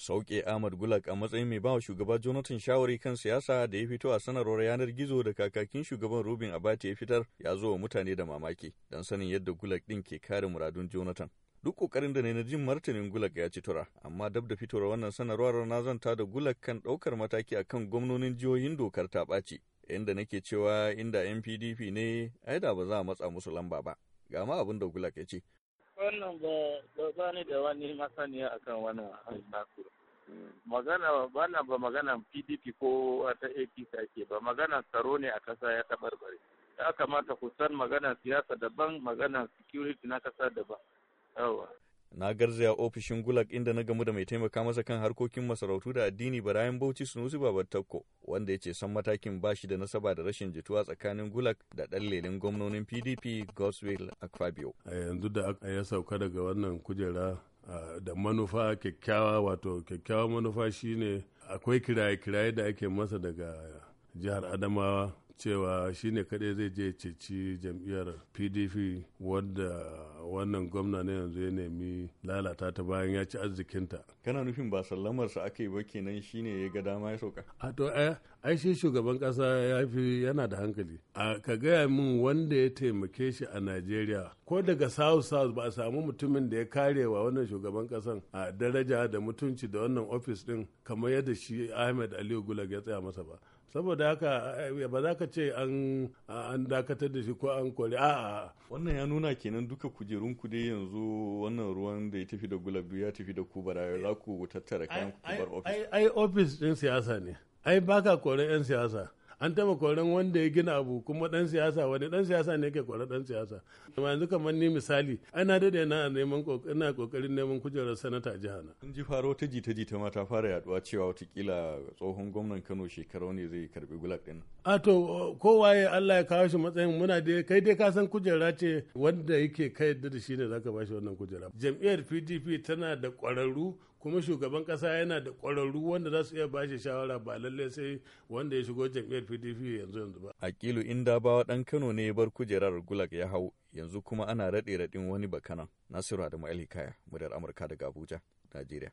sauke Ahmad Gulak a matsayin mai bawa shugaba Jonathan shawari kan siyasa da ya fito a sanarwar yanar gizo da kakakin shugaban Robin Abati ya fitar ya zo wa mutane da mamaki don sanin yadda Gulak ɗin ke kare muradun Jonathan. Duk ƙoƙarin da na jin martanin Gulak ya ci tura, amma dab da fitowar wannan sanarwar na zanta da Gulak kan ɗaukar mataki a kan gwamnonin jihohin dokar ta ɓaci, inda nake cewa inda NPDP ne, ai da ba za a matsa musu lamba ba. Ga ma abin da Gulak ya ce, wannan ba ba ne da wani masaniya akan wannan nasu magana ba ba magana PDP ko ta APC ba magana tsaro ne a kasa ya tabarbare ya kamata ku san maganar siyasa daban maganar security na kasa daban yawa na garzaya ofishin gulag inda na gamu da mai taimaka masa kan harkokin masarautu da addini barayan bauchi sunusi babar takko wanda ya ce san matakin bashi da nasaba da rashin jituwa tsakanin gulag da ɗan lelin gwamnonin pdp goswell akfabio a yanzu da ya sauka daga wannan kujera da manufa kyakkyawa wato kyakkyawa manufa shine akwai kiraye-kiraye da ake masa daga jihar adamawa cewa shine kaɗai zai je ceci jam'iyyar pdp wadda wannan gwamna ne yanzu ya nemi lalata ta bayan ya ci arzikinta kana nufin ba sallamarsa aka yi ba kenan shine ya ga dama ya sauka a to eh, ai shi shugaban kasa ya fi yana da hankali a ka gaya min wanda ya taimake shi a najeriya ko daga south south ba a samu mutumin da ya kare wa wannan shugaban kasan a daraja da mutunci da wannan ofis din kamar yadda shi ahmed aliyu gulag ya tsaya masa ba saboda haka eh, ba za ka ce an dakatar da shi ko an kore a'a wannan ya nuna kenan duka kuje ku dai yanzu wannan ruwan da ya tafi da gulab ya tafi da ku bara za ku tattara kayan ku bar ofis ai ofis din siyasa ne ai baka kore yan siyasa an taba koren wanda ya gina abu kuma dan siyasa wani dan siyasa ne yake kore dan siyasa amma yanzu kamar ni misali ana dade na neman ina kokarin neman kujerar sanata na. an ji faro ta jita jita ma ta fara yaduwa cewa watakila tsohon gwamnan Kano shekaru ne zai karbi gulak din a to ya Allah ya kawo shi matsayin muna da kai dai ka san kujera ce wanda yake kai da shi ne zaka bashi wannan kujera jam'iyyar PDP tana da kwararru kuma shugaban kasa yana da ƙwararru wanda za su iya bashi shawara ba lalle sai wanda ya shigo jam'iyyar pdp yanzu yanzu ba in inda bawa ɗan kano ne ya bar kujerar gulag ya hau yanzu kuma ana raɗe raɗin wani bakana nasiru adamu alhikaya muryar amurka daga abuja najeriya